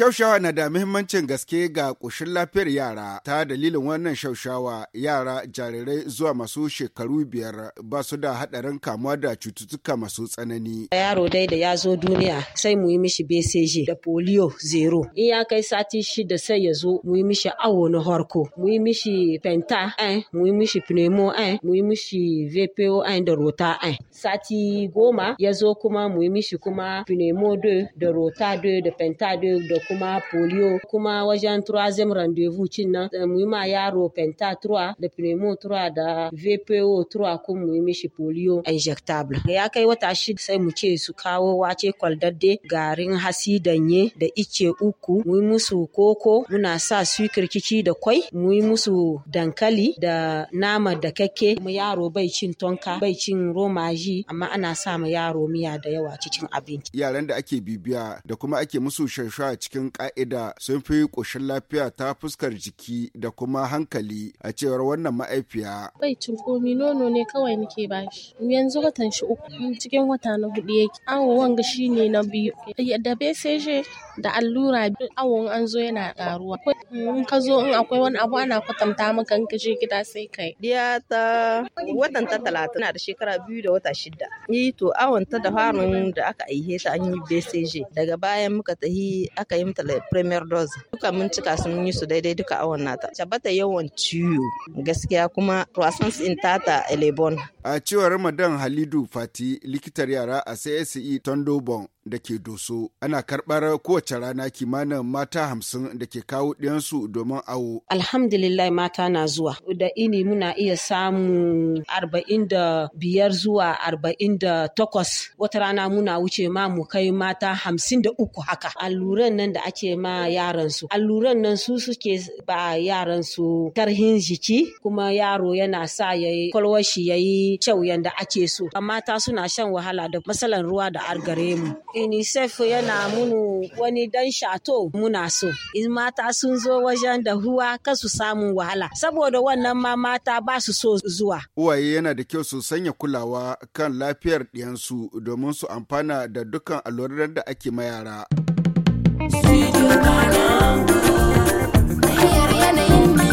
Shaushawa na da muhimmancin gaske ga ƙoshin lafiyar yara ta dalilin wannan shaushawa yara jarirai zuwa masu shekaru biyar ba su da haɗarin kamuwa da cututtuka masu tsanani. Yaro dai da ya zo duniya sai mu yi mishi BCG da polio zero. In ya kai sati shida sai ya zo mu yi mishi awo na harko, mu yi mishi penta ɗin, mu yi mishi pneumo ɗin, mu yi mishi VPO ɗin da rota ɗin. Sati goma ya zo kuma mu yi mishi kuma pneumo 2 da rota 2 da penta 2 da kuma polio kuma wajen troisième rendez-vous cin nan eh, mu yi ma yaro penta 3 da pneumo 3 da vpo 3 kun mu mishi polio injectable ya kai wata shida sai mu ce su kawo wace kwaldadde garin hasi danye da ice uku mu musu koko muna sa su kirkici da kwai mu musu dankali da nama da kake mu yaro bai cin tonka bai cin romaji amma ana sa ma yaro miya da yawa cikin abinci yaran da ake bibiya da kuma ake musu shashwa cikin ƙa'ida sun fi ƙoshin lafiya ta fuskar jiki da kuma hankali a cewar wannan ma'aifiya. Bai cin komi nono ne kawai nake bashi. Yanzu watan shi uku cikin wata na hudu yake. Awo wanga shine na biyu. Da je da allura duk awon an zo yana karuwa in ka zo in akwai wani abu ana kwatanta maka in ka je gida sai kai diya ta watan ta talatin da shekara biyu da wata shida ni to awon ta da farin da aka aihe ta an yi BCG daga bayan muka tahi aka yi mata premier dose duka mun cika sun yi su daidai duka awon nata ta yawan ciwo gaskiya kuma croissants in tata elebon a cewar madan halidu fati likitar yara a CSE tondobon da ke doso ana karbar kowace kowace rana kimanin mata hamsin da ke kawo ɗiyansu domin awo. Alhamdulillah mata na zuwa. Da ini muna iya samu arba'in da biyar zuwa arba'in da takwas. Wata rana muna wuce ma mu kai mata hamsin da uku haka. Alluran nan da ake ma yaran su. Alluran nan su suke ba yaran su Tarhin jiki kuma yaro yana sa ya yi kwalwashi ya yi kyau yanda ake so. Mata suna shan wahala da matsalan ruwa da argare mu. UNICEF yana munu wani dan shato muna so. In mata sun zo wajen da huwa ka su samu wahala. Saboda wannan ma mata ba su so zuwa. Uwaye yana da kyau su sanya kulawa kan lafiyar ɗiyansu domin su amfana da dukkan allurar da ake mayara. yanayin